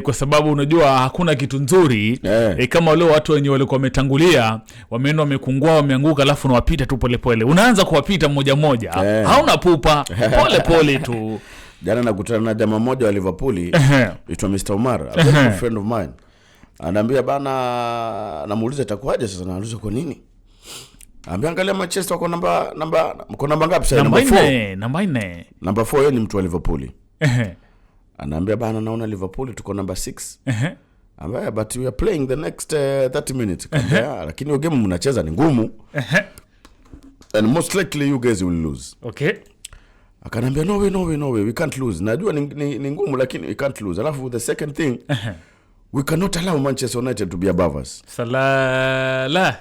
Eh, kwa sababu unajua hakuna kitu nzuri yeah. E, eh, kama wale watu wenye walikuwa wametangulia wameenda wamekungua wameanguka, alafu unawapita tu polepole, unaanza kuwapita mmoja mmoja yeah. hauna pupa polepole pole tu jana nakutana na jamaa mmoja wa Liverpool itwa Mr Omar, a friend of mine, anaambia bana, namuuliza itakuaje sasa, nauliza kwa nini Ambia angalia Manchester wako namba namba mko namba ngapi sasa? Namba 4. Namba 4. Namba 4 hiyo ni mtu wa Liverpool anaambia bana, naona Liverpool tuko namba 6 uh but we are playing the next uh, eh, 30 minutes uh-huh. Lakini hiyo game mnacheza ni ngumu uh And most likely you guys will lose okay. Akaniambia no way, no way, no way, we can't lose. Najua ni, ni, ni ngumu lakini we can't lose. Alafu the second thing uh-huh. We cannot allow Manchester United to be above us. Salala.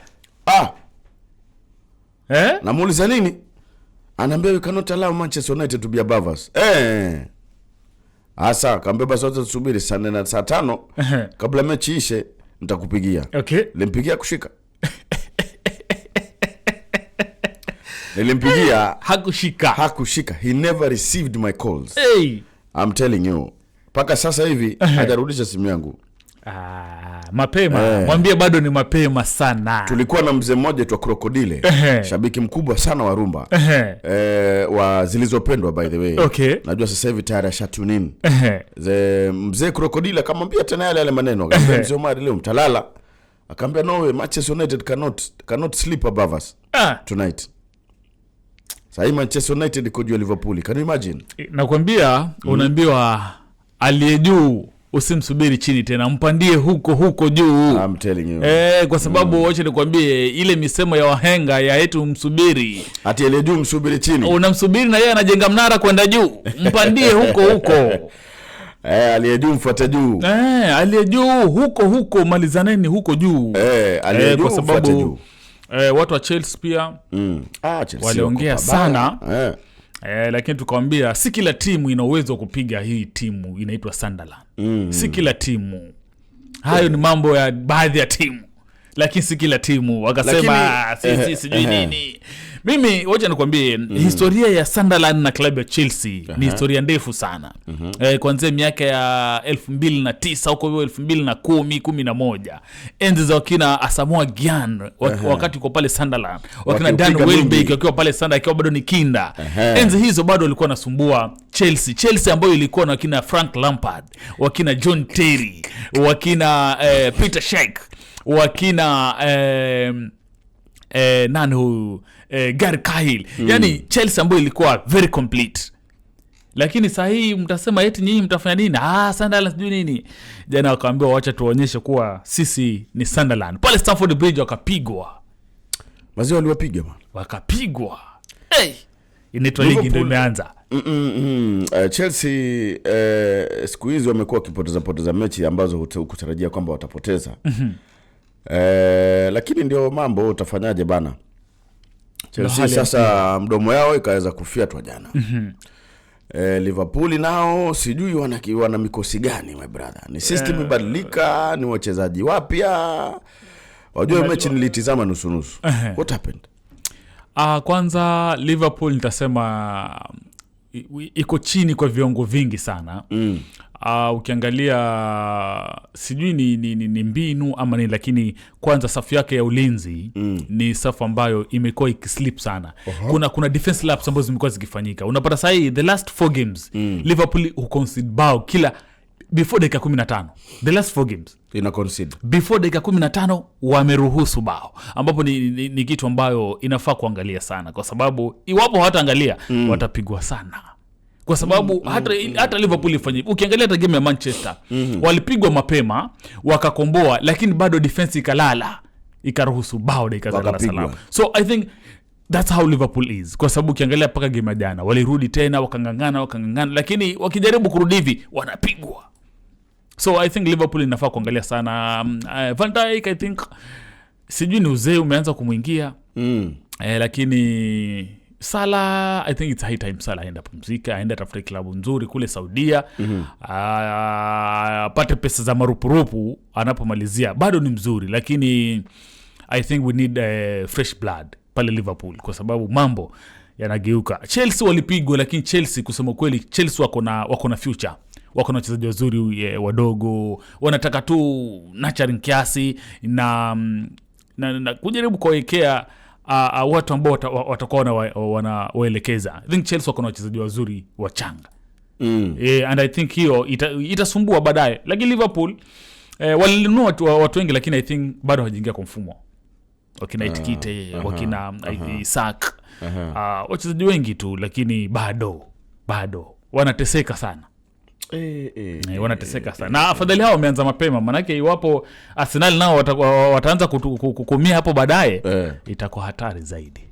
Ah. Eh? Namuuliza nini? Anaambia we cannot allow Manchester United to be above us. Eh. Asa kambeba basi wacha tusubiri saa nne na saa tano kabla mechi ishe nitakupigia. Okay. Nilimpigia kushika. Nilimpigia hakushika. Hakushika. He never received my calls. Hey. I'm telling you. Paka sasa hivi hajarudisha simu yangu. Ah, mapema eh, mwambie bado ni mapema sana. Tulikuwa na mzee mmoja tu krokodile eh, shabiki mkubwa sana wa rumba eh, eh, wa zilizopendwa by the way okay. Najua sasa hivi tayari asha tune in eh, mzee krokodile akamwambia tena yale yale maneno akamwambia eh, mzee Omar leo mtalala, akamwambia no way, Manchester United cannot cannot sleep above us ah, tonight sasa hii Manchester United kujua Liverpool, can you imagine? Nakwambia unaambiwa mm, aliye juu usimsubiri chini tena, mpandie huko huko juu. I'm telling you. Eh, kwa sababu mm. wacha nikwambie ile misemo ya wahenga ya eti umsubiri atiele juu msubiri chini, unamsubiri na yeye anajenga mnara kwenda juu, mpandie huko huko Eh, aliye juu mfuate juu. Eh, aliye juu huko huko malizaneni huko juu. Eh, aliye eh, juu mfuata juu. Eh, watu wa Chelsea pia mm. ah, Chelsea waliongea sana eh. Eh, lakini tukawambia si kila timu ina uwezo wa kupiga hii timu inaitwa Sunderland. Mm. Si kila timu. Hayo ni mambo ya baadhi ya timu. Lakini si kila timu wakasema sisi sijui nini. Mimi wacha nikwambie mm -hmm. historia ya Sunderland na klabu ya Chelsea uh -huh. ni historia ndefu sana mm -hmm. eh, kuanzia miaka ya elfu mbili na tisa huko hivyo elfu mbili na kumi kumi na moja enzi za wakina asamoa gian wakati uko pale Sunderland wakina Dan Welbeck wakiwa pale sanda akiwa bado ni kinda uh -huh. enzi hizo bado walikuwa wanasumbua Chelsea Chelsea ambayo ilikuwa na wakina Frank Lampard wakina John Terry wakina eh, Peter shek wakina eh, eh, nani huyu eh, Gary kahil mm. Yani Chelsea ambayo ilikuwa very complete, lakini sahii mtasema eti nyinyi mtafanya nini? Ah, sandaland sijui nini. Jana wakaambiwa wacha tuwaonyeshe kuwa sisi ni sandaland Pale stanford Bridge wakapigwa, wazee waliwapiga wakapigwa. Hey, inaitwa ligi ndo imeanza. Mm, mm, mm. Eh, Chelsea eh, siku hizi wamekuwa wakipoteza poteza mechi ambazo hukutarajia kwamba watapoteza. mm -hmm. Eh, lakini ndio mambo utafanyaje bana. Chelsea sasa mdomo yao ikaweza kufyatwa jana. mm -hmm. E, Liverpool nao sijui wana, wana mikosi gani my brother, ni system yeah. Badilika, ni wachezaji wapya. Wajua mechi nilitizama nusu nusu. uh -huh. What happened? Uh, kwanza Liverpool nitasema iko chini kwa viungo vingi sana mm. Uh, ukiangalia sijui ni, ni, ni, ni mbinu ama ni lakini, kwanza safu yake ya ulinzi mm. ni safu ambayo imekuwa ikislip sana uh-huh. Kuna, kuna defense laps ambazo zimekuwa zikifanyika, unapata sahii the last four games mm. Liverpool huconcede bao kila before dakika kumi na tano the last four games ina concede before dakika kumi na tano wameruhusu bao, ambapo ni, ni, ni kitu ambayo inafaa kuangalia sana, kwa sababu iwapo hawataangalia mm. watapigwa sana kwa sababu mm, hata, mm, hata mm. Liverpool ifanye ukiangalia hata game ya Manchester mm, hmm walipigwa mapema wakakomboa, lakini bado defense ikalala ikaruhusu bao dakika za Dar es So I think that's how Liverpool is, kwa sababu ukiangalia mpaka game ya jana walirudi tena wakang'ang'ana wakang'ang'ana, lakini wakijaribu kurudi hivi wanapigwa. So I think Liverpool inafaa kuangalia sana uh, Van Dijk, I think sijui ni uzee umeanza kumwingia mm. eh, lakini Sala, I think it's high time Sala aenda pumzika, aenda tafute klabu nzuri kule Saudia mm -hmm. apate pesa za marupurupu anapomalizia, bado ni mzuri, lakini I think we need uh, fresh blood pale Liverpool kwa sababu mambo yanageuka. Chelsea walipigwa, lakini Chelsea kusema kweli, Chelsea wako na wako na future wako na wachezaji wazuri eh, wadogo, wanataka tu nachari kiasi mm, na, na, na kujaribu kuwawekea uh, uh, watu ambao watakuwa wanawaelekeza. I think Chelsea wako na wachezaji wazuri wachanga mm. e, and I think hiyo ita, itasumbua baadaye, lakini Liverpool eh, walinunua watu, watu wengi, lakini I think bado hawajaingia kwa mfumo wakina uh, Itkite uh ah, -huh, wakina uh -huh. Isak uh -huh. uh, wachezaji wengi tu, lakini bado bado wanateseka sana. E, eh, e, eh, eh, wanateseka sana e, na afadhali hao wameanza mapema, maanake iwapo Arsenal nao wataanza kutumia hapo baadaye e, itakuwa hatari zaidi.